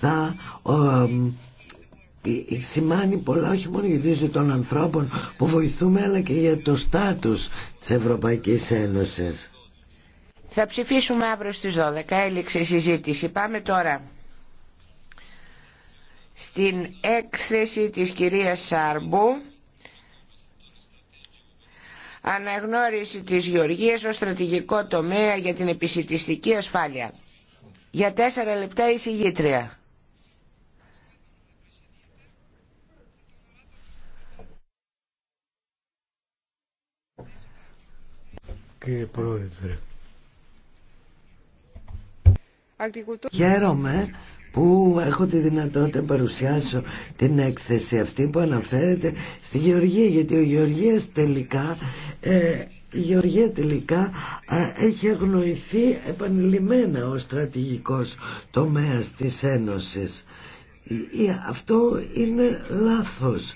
θα σημάνει πολλά όχι μόνο για τη ζωή των ανθρώπων που βοηθούμε αλλά και για το στάτους της Ευρωπαϊκής Ένωσης. Θα ψηφίσουμε αύριο στις 12, έληξε συζήτηση. Πάμε τώρα στην έκθεση της κυρίας Σάρμπου αναγνώριση της Γεωργίας ως στρατηγικό τομέα για την επισητιστική ασφάλεια. Για τέσσερα λεπτά η συγγήτρια. Κύριε Πρόεδρε, Χαίρομαι που έχω τη δυνατότητα να παρουσιάσω την έκθεση αυτή που αναφέρεται στη Γεωργία γιατί ο Γεωργίας τελικά ε, η Γεωργία τελικά ε, έχει αγνοηθεί επανειλημμένα ως στρατηγικός τομέας της Ένωσης. Ή, αυτό είναι λάθος.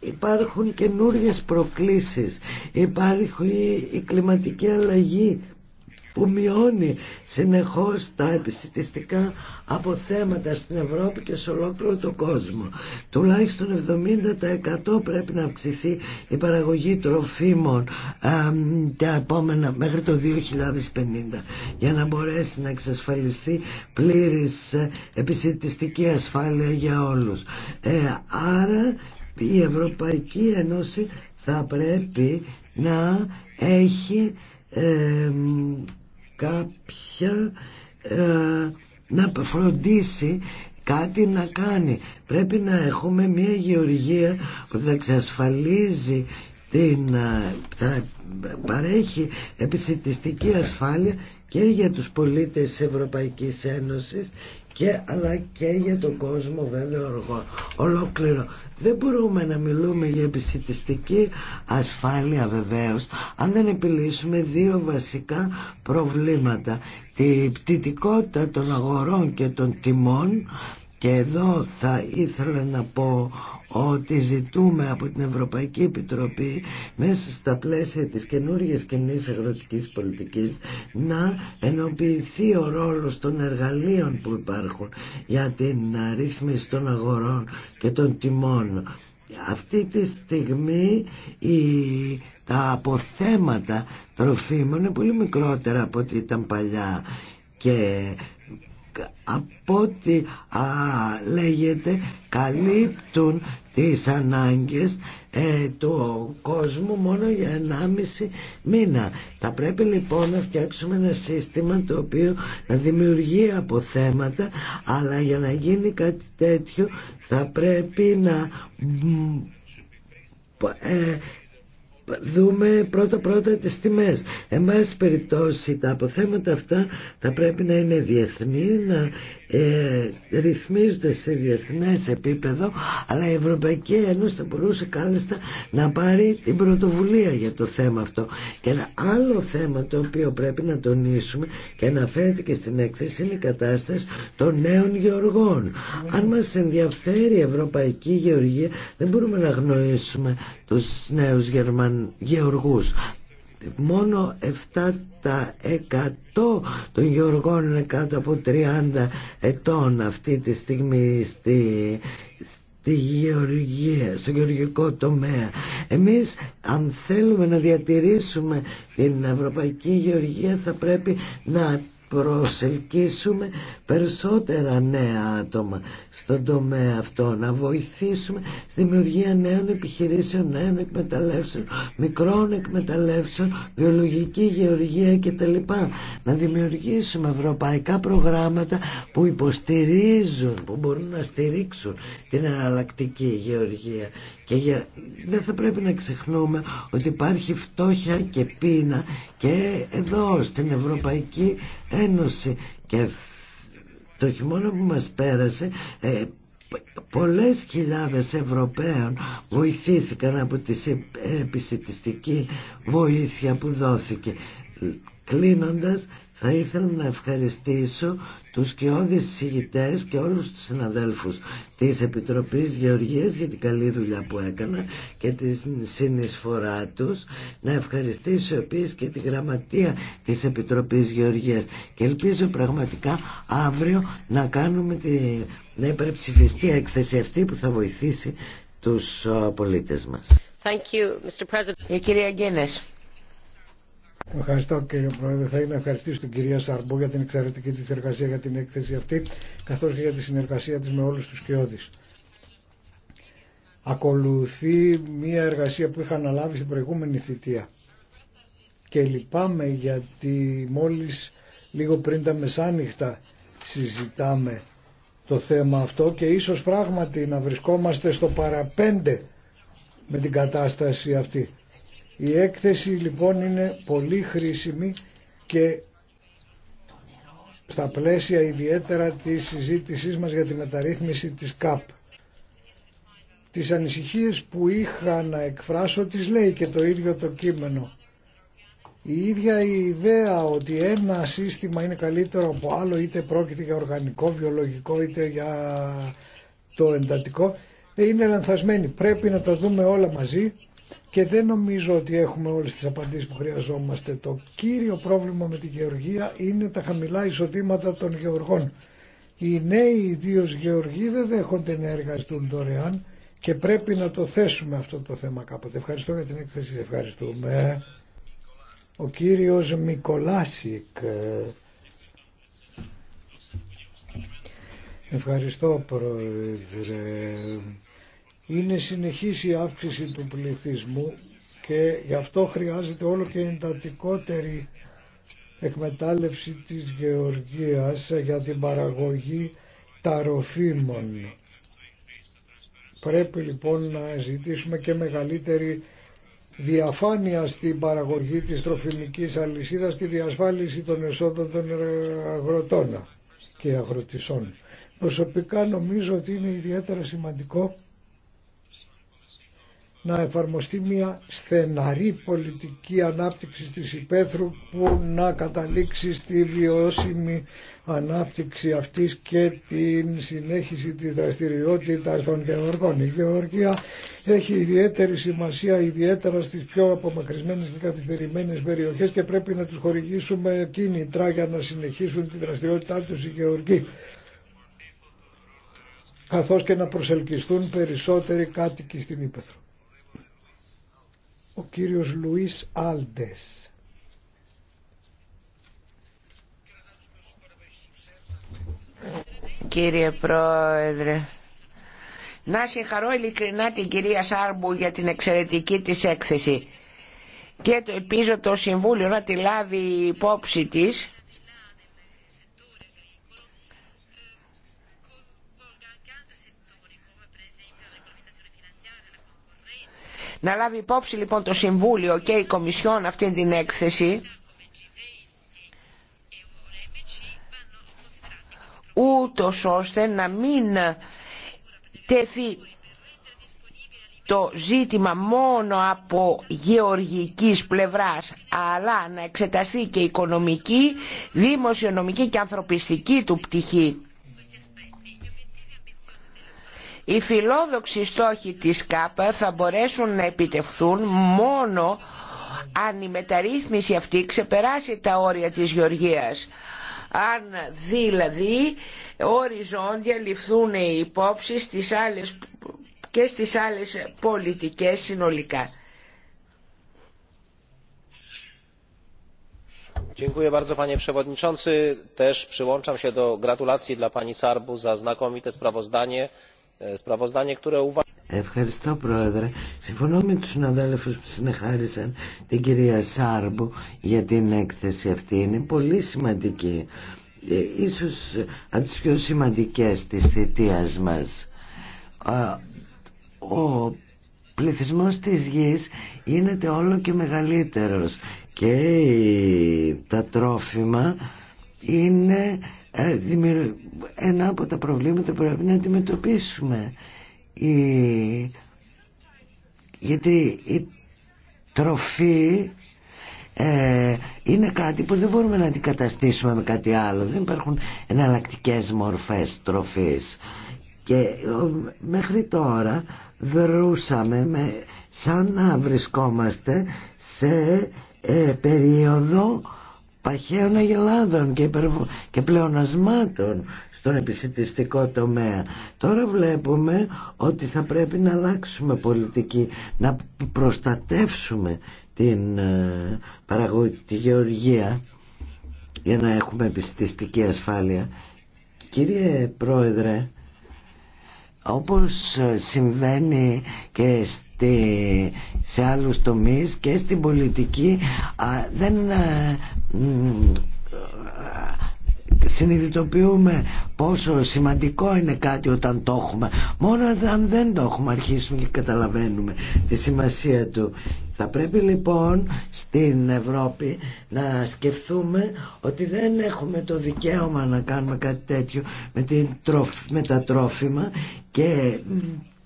υπάρχουν καινούριε προκλήσεις. Υπάρχει η κλιματική αλλαγή που μειώνει συνεχώς τα επιστημιστικά αποθέματα στην Ευρώπη και σε ολόκληρο τον κόσμο. Τουλάχιστον 70% πρέπει να αυξηθεί η παραγωγή τροφίμων τα επόμενα μέχρι το 2050 για να μπορέσει να εξασφαλιστεί πλήρης ε, επιστημιστική ασφάλεια για όλους. Ε, άρα η Ευρωπαϊκή Ένωση θα πρέπει να έχει κάποια ε, να φροντίσει κάτι να κάνει. Πρέπει να έχουμε μια γεωργία που θα εξασφαλίζει την, ε, θα παρέχει επιστημιστική ασφάλεια και για τους πολίτες της Ευρωπαϊκής Ένωσης και, αλλά και για τον κόσμο βέβαια ολόκληρο. Δεν μπορούμε να μιλούμε για επισκεπτική ασφάλεια βεβαίως αν δεν επιλύσουμε δύο βασικά προβλήματα. Τη πτυτικότητα των αγορών και των τιμών και εδώ θα ήθελα να πω ότι ζητούμε από την Ευρωπαϊκή Επιτροπή μέσα στα πλαίσια της καινούργιας κοινή αγροτικής πολιτικής να ενοποιηθεί ο ρόλος των εργαλείων που υπάρχουν για την ρύθμιση των αγορών και των τιμών. Αυτή τη στιγμή η, τα αποθέματα τροφίμων είναι πολύ μικρότερα από ό,τι ήταν παλιά και από ό,τι λέγεται καλύπτουν τις ανάγκες ε, του κόσμου μόνο για 1,5 μήνα. Θα πρέπει λοιπόν να φτιάξουμε ένα σύστημα το οποίο να δημιουργεί αποθέματα αλλά για να γίνει κάτι τέτοιο θα πρέπει να ε, δούμε πρώτα πρώτα τις τιμές. Εμάς περιπτώσει τα αποθέματα αυτά θα πρέπει να είναι διεθνή, να ε, ρυθμίζονται σε διεθνέ επίπεδο αλλά η Ευρωπαϊκή Ένωση θα μπορούσε κάλλιστα να πάρει την πρωτοβουλία για το θέμα αυτό και ένα άλλο θέμα το οποίο πρέπει να τονίσουμε και και στην έκθεση είναι η κατάσταση των νέων γεωργών αν μας ενδιαφέρει η Ευρωπαϊκή Γεωργία δεν μπορούμε να γνωρίσουμε τους νέους γεωργού μόνο 7% των γεωργών είναι κάτω από 30 ετών αυτή τη στιγμή στη, στη γεωργία, στο γεωργικό τομέα. Εμείς αν θέλουμε να διατηρήσουμε την ευρωπαϊκή γεωργία θα πρέπει να προσελκύσουμε περισσότερα νέα άτομα στον τομέα αυτό, να βοηθήσουμε στη δημιουργία νέων επιχειρήσεων, νέων εκμεταλλεύσεων, μικρών εκμεταλλεύσεων, βιολογική γεωργία κτλ. Να δημιουργήσουμε ευρωπαϊκά προγράμματα που υποστηρίζουν, που μπορούν να στηρίξουν την εναλλακτική γεωργία και για... δεν θα πρέπει να ξεχνούμε ότι υπάρχει φτώχεια και πείνα και εδώ στην Ευρωπαϊκή Ένωση. Και το χειμώνα που μας πέρασε ε, πολλές χιλιάδες Ευρωπαίων βοηθήθηκαν από τη ε, επισητιστική βοήθεια που δόθηκε. Κλείνοντας θα ήθελα να ευχαριστήσω τους κοιόδης συγητές και όλους τους συναδέλφους της Επιτροπής Γεωργίας για την καλή δουλειά που έκανα και τη συνεισφορά τους. Να ευχαριστήσω επίσης και τη γραμματεία της Επιτροπής Γεωργίας και ελπίζω πραγματικά αύριο να κάνουμε την να υπερψηφιστεί έκθεση αυτή που θα βοηθήσει τους πολίτες μας. Thank you, Ευχαριστώ κύριε Πρόεδρε. Θα ήθελα να ευχαριστήσω την κυρία Σαρμπό για την εξαιρετική τη εργασία για την έκθεση αυτή, καθώς και για τη συνεργασία της με όλους τους κοιόδης. Ακολουθεί μια εργασία που είχα αναλάβει στην προηγούμενη θητεία. Και λυπάμαι γιατί μόλις λίγο πριν τα μεσάνυχτα συζητάμε το θέμα αυτό και ίσως πράγματι να βρισκόμαστε στο παραπέντε με την κατάσταση αυτή. Η έκθεση λοιπόν είναι πολύ χρήσιμη και στα πλαίσια ιδιαίτερα της συζήτησής μας για τη μεταρρύθμιση της ΚΑΠ. Τις ανησυχίες που είχα να εκφράσω τις λέει και το ίδιο το κείμενο. Η ίδια η ιδέα ότι ένα σύστημα είναι καλύτερο από άλλο είτε πρόκειται για οργανικό, βιολογικό είτε για το εντατικό είναι λανθασμένη. Πρέπει να τα δούμε όλα μαζί και δεν νομίζω ότι έχουμε όλες τις απαντήσεις που χρειαζόμαστε. Το κύριο πρόβλημα με τη γεωργία είναι τα χαμηλά εισοδήματα των γεωργών. Οι νέοι ιδίω γεωργοί δεν δέχονται να εργαστούν δωρεάν και πρέπει να το θέσουμε αυτό το θέμα κάποτε. Ευχαριστώ για την έκθεση. Ευχαριστούμε. Ο κύριος Μικολάσικ. Ευχαριστώ πρόεδρε. Είναι συνεχής η αύξηση του πληθυσμού και γι' αυτό χρειάζεται όλο και εντατικότερη εκμετάλλευση της γεωργίας για την παραγωγή ταροφίμων. Πρέπει λοιπόν να ζητήσουμε και μεγαλύτερη διαφάνεια στην παραγωγή της τροφιμικής αλυσίδας και διασφάλιση των εσόδων των αγροτών και αγροτισών. Προσωπικά νομίζω ότι είναι ιδιαίτερα σημαντικό να εφαρμοστεί μια στεναρή πολιτική ανάπτυξη της υπαίθρου που να καταλήξει στη βιώσιμη ανάπτυξη αυτής και την συνέχιση της δραστηριότητας των γεωργών. Η γεωργία έχει ιδιαίτερη σημασία ιδιαίτερα στις πιο απομακρυσμένες και καθυστερημένες περιοχές και πρέπει να τους χορηγήσουμε κίνητρα για να συνεχίσουν τη δραστηριότητά τους οι γεωργοί καθώς και να προσελκυστούν περισσότεροι κάτοικοι στην Ήπεθρο ο κύριος Λουίς Άλντες. Κύριε Πρόεδρε, να συγχαρώ ειλικρινά την κυρία Σάρμπου για την εξαιρετική της έκθεση και το ελπίζω το Συμβούλιο να τη λάβει υπόψη της Να λάβει υπόψη λοιπόν το Συμβούλιο και η Κομισιόν αυτή την έκθεση ούτως ώστε να μην τέθει το ζήτημα μόνο από γεωργικής πλευράς αλλά να εξεταστεί και οικονομική, δημοσιονομική και ανθρωπιστική του πτυχή. Οι φιλόδοξοι στόχοι της ΚΑΠΑ θα μπορέσουν να επιτευχθούν μόνο αν η μεταρρύθμιση αυτή ξεπεράσει τα όρια της Γεωργίας. Αν δηλαδή οριζόντια ληφθούν οι υπόψεις στις άλλες, και στις άλλες πολιτικές συνολικά. Dziękuję bardzo panie przewodniczący. Też przyłączam się do gratulacji dla pani Sarbu za znakomite sprawozdanie ε, Ευχαριστώ Πρόεδρε. Συμφωνώ με τους συναδέλφους που συνεχάρισαν την κυρία Σάρμπου για την έκθεση αυτή. Είναι πολύ σημαντική. Ε, ίσως από τις πιο σημαντικές της θητείας μας. Ο πληθυσμός της γης γίνεται όλο και μεγαλύτερος και τα τρόφιμα είναι ε, ένα από τα προβλήματα που πρέπει να αντιμετωπίσουμε. Η... Γιατί η τροφή ε, είναι κάτι που δεν μπορούμε να αντικαταστήσουμε με κάτι άλλο. Δεν υπάρχουν εναλλακτικές μορφές τροφής. Και μέχρι τώρα βρούσαμε με, σαν να βρισκόμαστε σε ε, περίοδο παχαίων αγελάδων και, και πλεονασμάτων στον επισητιστικό τομέα. Τώρα βλέπουμε ότι θα πρέπει να αλλάξουμε πολιτική, να προστατεύσουμε την ε, παραγωγή, τη γεωργία για να έχουμε επιστηστική ασφάλεια. Κύριε Πρόεδρε, όπως συμβαίνει και στη, σε άλλους τομείς και στην πολιτική δεν ε, συνειδητοποιούμε πόσο σημαντικό είναι κάτι όταν το έχουμε μόνο αν δεν το έχουμε αρχίσουμε και καταλαβαίνουμε τη σημασία του θα πρέπει λοιπόν στην Ευρώπη να σκεφτούμε ότι δεν έχουμε το δικαίωμα να κάνουμε κάτι τέτοιο με, την, με τα τρόφιμα και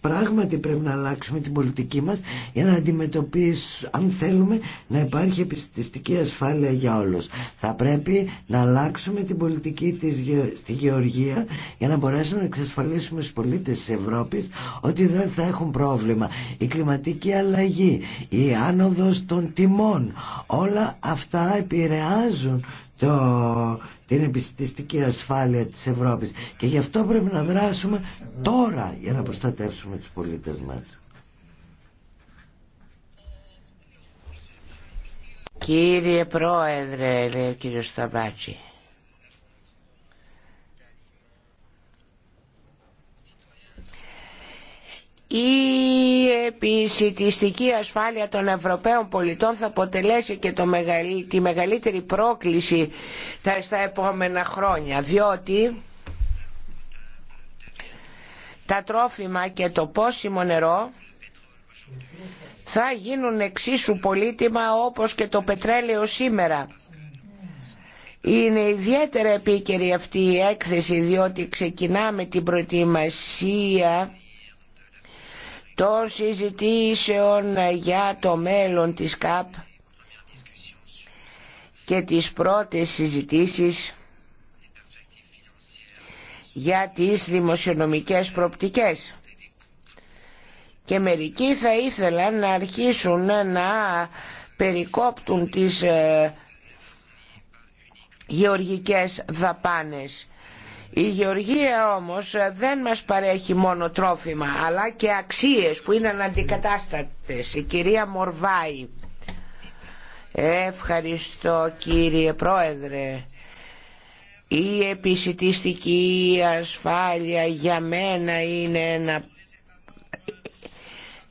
Πράγματι πρέπει να αλλάξουμε την πολιτική μας για να αντιμετωπίσουμε, αν θέλουμε, να υπάρχει επιστηστική ασφάλεια για όλους. Θα πρέπει να αλλάξουμε την πολιτική της, στη Γεωργία για να μπορέσουμε να εξασφαλίσουμε στους πολίτες της Ευρώπης ότι δεν θα έχουν πρόβλημα. Η κλιματική αλλαγή, η άνοδος των τιμών, όλα αυτά επηρεάζουν το, την επιστηστική ασφάλεια της Ευρώπης και γι' αυτό πρέπει να δράσουμε τώρα για να προστατεύσουμε τους πολίτες μας. Κύριε Πρόεδρε, λέει ο κύριος Σταμπάτσι. η επισητιστική ασφάλεια των Ευρωπαίων πολιτών θα αποτελέσει και το τη μεγαλύτερη πρόκληση στα επόμενα χρόνια διότι τα τρόφιμα και το πόσιμο νερό θα γίνουν εξίσου πολύτιμα όπως και το πετρέλαιο σήμερα. Είναι ιδιαίτερα επίκαιρη αυτή η έκθεση διότι ξεκινάμε την προετοιμασία των συζητήσεων για το μέλλον της ΚΑΠ και τις πρώτες συζητήσεις για τις δημοσιονομικές προπτικές. Και μερικοί θα ήθελαν να αρχίσουν να περικόπτουν τις ε, γεωργικές δαπάνες η γεωργία όμως δεν μας παρέχει μόνο τρόφιμα αλλά και αξίες που είναι αναντικατάστατες. Η κυρία Μορβάη. Ευχαριστώ κύριε Πρόεδρε. Η επισητιστική ασφάλεια για μένα είναι ένα...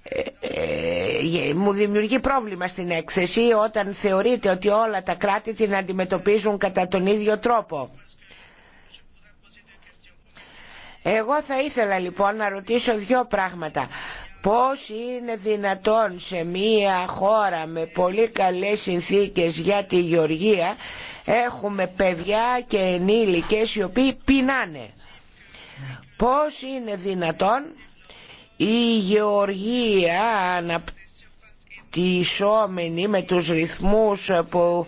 Ε, ε, ε, μου δημιουργεί πρόβλημα στην έκθεση όταν θεωρείται ότι όλα τα κράτη την αντιμετωπίζουν κατά τον ίδιο τρόπο. Εγώ θα ήθελα λοιπόν να ρωτήσω δύο πράγματα. Πώς είναι δυνατόν σε μία χώρα με πολύ καλές συνθήκες για τη γεωργία έχουμε παιδιά και ενήλικες οι οποίοι πεινάνε. Πώς είναι δυνατόν η γεωργία αναπτυσσόμενη με τους ρυθμούς που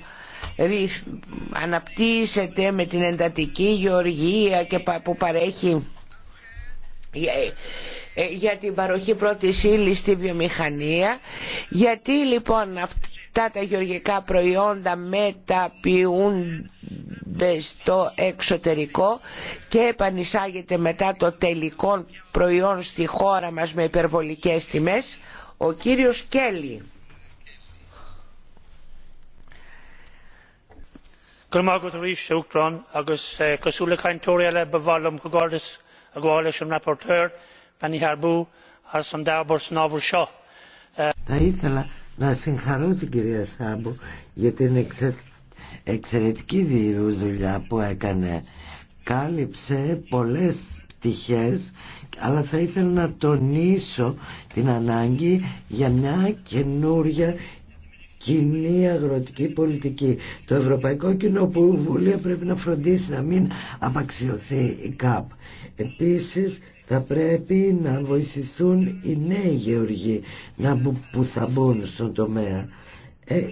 αναπτύσσεται με την εντατική γεωργία και που παρέχει ε, ε, για την παροχή πρώτης ύλη στη βιομηχανία. Γιατί λοιπόν αυτά τα γεωργικά προϊόντα μεταποιούνται στο εξωτερικό και επανισάγεται μετά το τελικό προϊόν στη χώρα μας με υπερβολικές τιμές. Ο κύριος Κέλλη. Θα ήθελα να συγχαρώ την κυρία Σάμπου για την εξε... εξαιρετική δουλειά που έκανε. Κάλυψε πολλές πτυχές, αλλά θα ήθελα να τονίσω την ανάγκη για μια καινούρια κοινή αγροτική πολιτική. Το Ευρωπαϊκό Κοινοβούλιο πρέπει να φροντίσει να μην απαξιωθεί η ΚΑΠ. Επίσης θα πρέπει να βοηθηθούν οι νέοι γεωργοί να, που θα μπουν στον τομέα. Ε,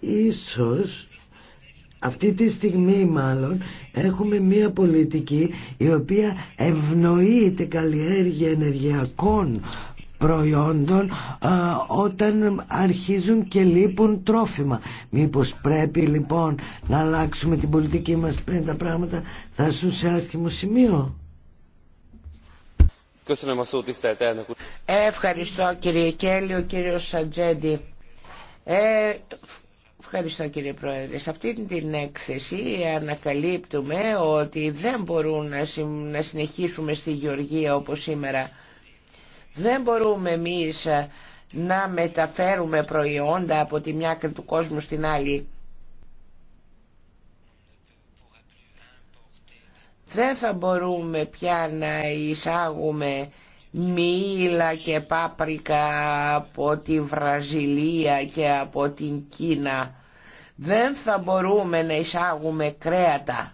ίσως αυτή τη στιγμή μάλλον έχουμε μια πολιτική η οποία ευνοεί την καλλιέργεια ενεργειακών προϊόντων όταν αρχίζουν και λείπουν τρόφιμα. Μήπως πρέπει λοιπόν να αλλάξουμε την πολιτική μας πριν τα πράγματα θα σου σε άσχημο σημείο. Ευχαριστώ κύριε Κέλλη, ο κύριος Σαντζέντη. Ε, Ευχαριστώ κύριε Πρόεδρε. Σε αυτή την έκθεση ανακαλύπτουμε ότι δεν μπορούμε να συνεχίσουμε στη Γεωργία όπως σήμερα. Δεν μπορούμε εμείς ε, να μεταφέρουμε προϊόντα από τη μια άκρη του κόσμου στην άλλη. Δεν θα μπορούμε πια να εισάγουμε μήλα και πάπρικα από τη Βραζιλία και από την Κίνα. Δεν θα μπορούμε να εισάγουμε κρέατα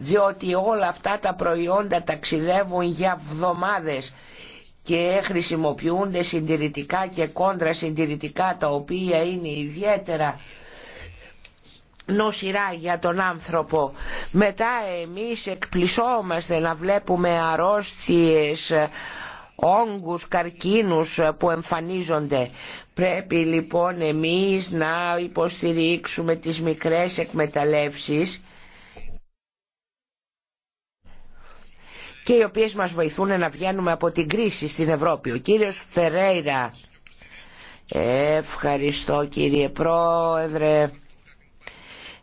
διότι όλα αυτά τα προϊόντα ταξιδεύουν για βδομάδες και χρησιμοποιούνται συντηρητικά και κόντρα συντηρητικά τα οποία είναι ιδιαίτερα νοσηρά για τον άνθρωπο. Μετά εμείς εκπλησόμαστε να βλέπουμε αρρώστιες, όγκους, καρκίνους που εμφανίζονται. Πρέπει λοιπόν εμείς να υποστηρίξουμε τις μικρές εκμεταλλεύσεις και οι οποίες μας βοηθούν να βγαίνουμε από την κρίση στην Ευρώπη. Ο κύριος Φερέιρα. Ευχαριστώ κύριε Πρόεδρε.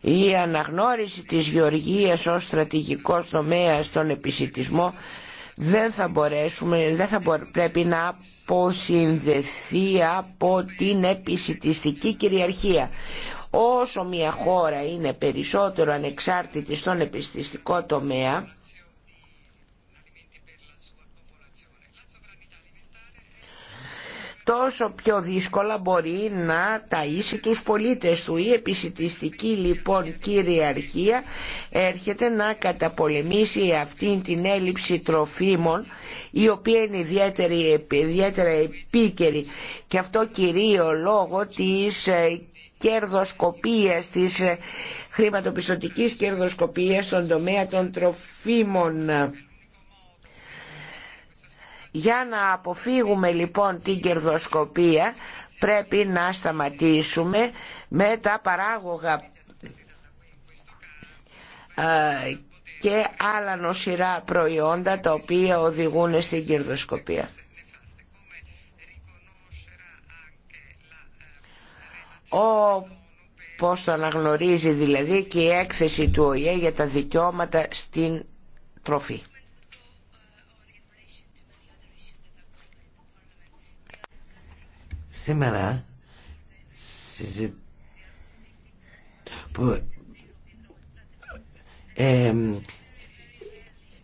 Η αναγνώριση της γεωργίας ως στρατηγικός τομέας στον επισητισμό δεν θα μπορέσουμε, δεν θα πρέπει να αποσυνδεθεί από την επισητιστική κυριαρχία. Όσο μια χώρα είναι περισσότερο ανεξάρτητη στον επισητιστικό τομέα, τόσο πιο δύσκολα μπορεί να ταΐσει τους πολίτες του. Η επισητιστική λοιπόν κυριαρχία έρχεται να καταπολεμήσει αυτή την έλλειψη τροφίμων η οποία είναι ιδιαίτερα επίκαιρη και αυτό κυρίω λόγω της ε, κερδοσκοπίας, της ε, χρηματοπιστωτικής κερδοσκοπίας στον τομέα των τροφίμων. Για να αποφύγουμε λοιπόν την κερδοσκοπία πρέπει να σταματήσουμε με τα παράγωγα ε, και άλλα νοσηρά προϊόντα τα οποία οδηγούν στην κερδοσκοπία. Ο πώς το αναγνωρίζει δηλαδή και η έκθεση του ΟΗΕ για τα δικαιώματα στην τροφή. Σήμερα συζη... που...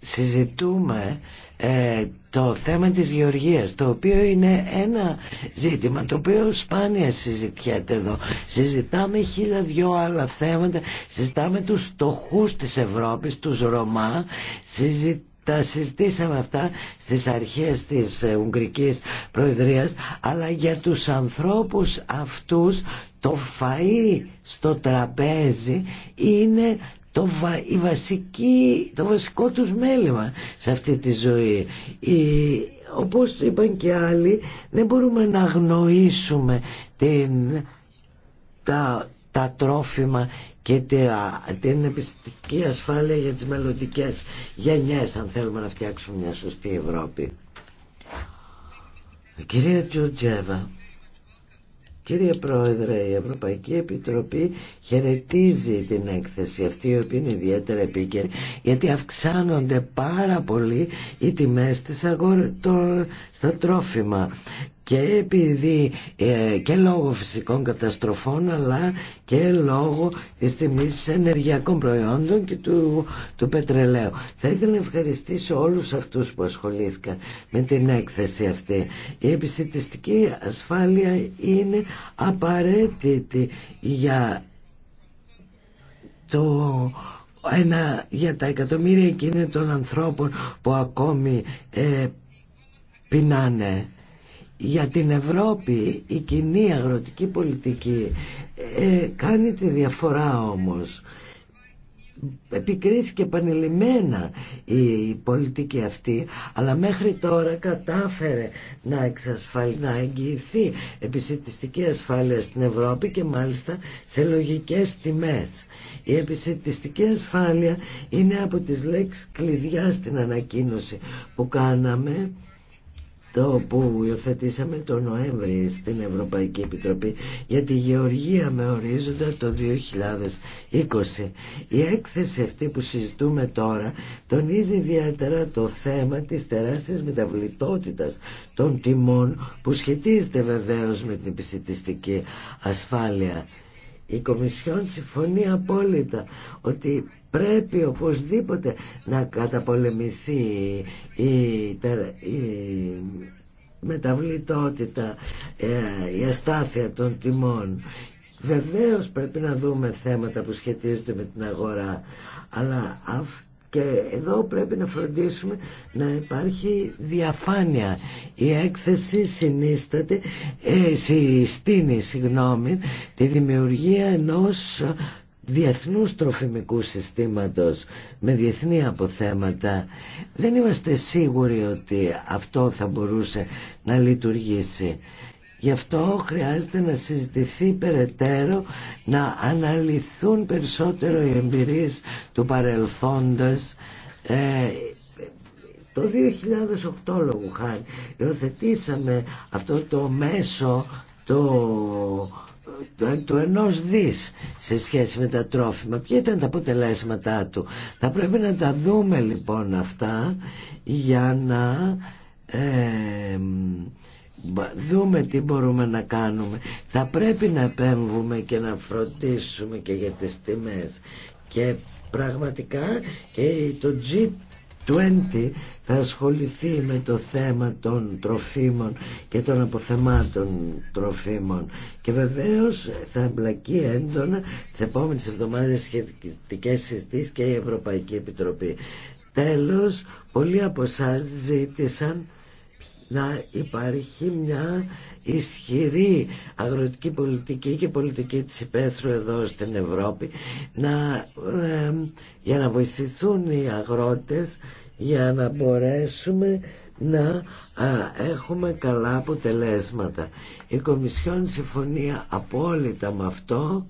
συζητούμε ε, το θέμα της γεωργίας το οποίο είναι ένα ζήτημα το οποίο σπάνια συζητιέται εδώ συζητάμε χίλια δυο άλλα θέματα συζητάμε τους στοχούς της Ευρώπης τους Ρωμά συζητάμε τα συζητήσαμε αυτά στις αρχές της ε, Ουγγρικής Προεδρίας αλλά για τους ανθρώπους αυτούς το φαΐ στο τραπέζι είναι το, βασική, το βασικό τους μέλημα σε αυτή τη ζωή. Η, όπως το είπαν και άλλοι, δεν μπορούμε να αγνοήσουμε τα, τα τρόφιμα και την επιστημική ασφάλεια για τις μελλοντικέ γενιές αν θέλουμε να φτιάξουμε μια σωστή Ευρώπη. Κυρία Τζουτζέβα, κύριε Πρόεδρε, η Ευρωπαϊκή Επιτροπή χαιρετίζει την έκθεση αυτή, η οποία είναι ιδιαίτερα επίκαιρη, γιατί αυξάνονται πάρα πολύ οι τιμές της στα τρόφιμα και επειδή ε, και λόγω φυσικών καταστροφών αλλά και λόγω της τιμής ενεργειακών προϊόντων και του, του πετρελαίου. Θα ήθελα να ευχαριστήσω όλους αυτούς που ασχολήθηκαν με την έκθεση αυτή. Η επιστημιστική ασφάλεια είναι απαραίτητη για το ένα, για τα εκατομμύρια εκείνων των ανθρώπων που ακόμη ε, πεινάνε για την Ευρώπη η κοινή αγροτική πολιτική ε, κάνει τη διαφορά όμως επικρίθηκε επανειλημμένα η πολιτική αυτή αλλά μέχρι τώρα κατάφερε να εξασφαλίσει να εγγυηθεί επισητιστική ασφάλεια στην Ευρώπη και μάλιστα σε λογικές τιμές η επισητιστική ασφάλεια είναι από τις λέξεις κλειδιά στην ανακοίνωση που κάναμε το που υιοθετήσαμε τον Νοέμβρη στην Ευρωπαϊκή Επιτροπή για τη γεωργία με ορίζοντα το 2020. Η έκθεση αυτή που συζητούμε τώρα τονίζει ιδιαίτερα το θέμα της τεράστιας μεταβλητότητας των τιμών που σχετίζεται βεβαίως με την επιστημιστική ασφάλεια η Κομισιόν συμφωνεί απόλυτα ότι πρέπει οπωσδήποτε να καταπολεμηθεί η, η μεταβλητότητα, ε, η αστάθεια των τιμών. Βεβαίως πρέπει να δούμε θέματα που σχετίζονται με την αγορά, αλλά αυτό και εδώ πρέπει να φροντίσουμε να υπάρχει διαφάνεια. Η έκθεση συνίσταται, ε, συστήνει συγγνώμη, τη δημιουργία ενός διεθνού τροφιμικού συστήματος με διεθνή αποθέματα δεν είμαστε σίγουροι ότι αυτό θα μπορούσε να λειτουργήσει Γι' αυτό χρειάζεται να συζητηθεί περαιτέρω, να αναλυθούν περισσότερο οι εμπειρίες του παρελθόντος. Ε, το 2008 λόγου χάρη υιοθετήσαμε αυτό το μέσο το, το, το ενός δις σε σχέση με τα τρόφιμα. Ποια ήταν τα αποτελέσματά του. Θα πρέπει να τα δούμε λοιπόν αυτά για να... Ε, δούμε τι μπορούμε να κάνουμε θα πρέπει να επέμβουμε και να φροντίσουμε και για τις τιμές και πραγματικά το G20 θα ασχοληθεί με το θέμα των τροφίμων και των αποθεμάτων τροφίμων και βεβαίως θα εμπλακεί έντονα τις επόμενες εβδομάδες σχετικές συζητήσεις και η Ευρωπαϊκή Επιτροπή τέλος πολλοί από εσά ζήτησαν να υπάρχει μια ισχυρή αγροτική πολιτική και πολιτική της υπαίθρου εδώ στην Ευρώπη να, για να βοηθηθούν οι αγρότες για να μπορέσουμε να έχουμε καλά αποτελέσματα. Η Κομισιόν συμφωνεί απόλυτα με αυτό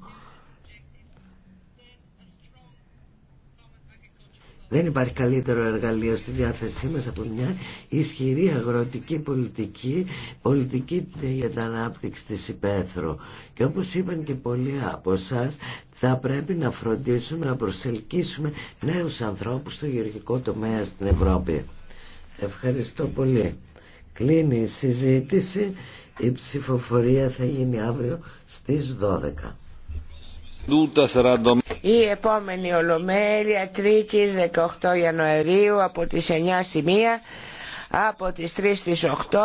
Δεν υπάρχει καλύτερο εργαλείο στη διάθεσή μας από μια ισχυρή αγροτική πολιτική, πολιτική για την ανάπτυξη της υπαίθρου. Και όπως είπαν και πολλοί από εσά, θα πρέπει να φροντίσουμε να προσελκύσουμε νέους ανθρώπους στο γεωργικό τομέα στην Ευρώπη. Ευχαριστώ πολύ. Κλείνει η συζήτηση. Η ψηφοφορία θα γίνει αύριο στις 12. Η επόμενη Ολομέλεια, 18 Ιανουαρίου από τις 9 στη 1, από τις 3 στις 8.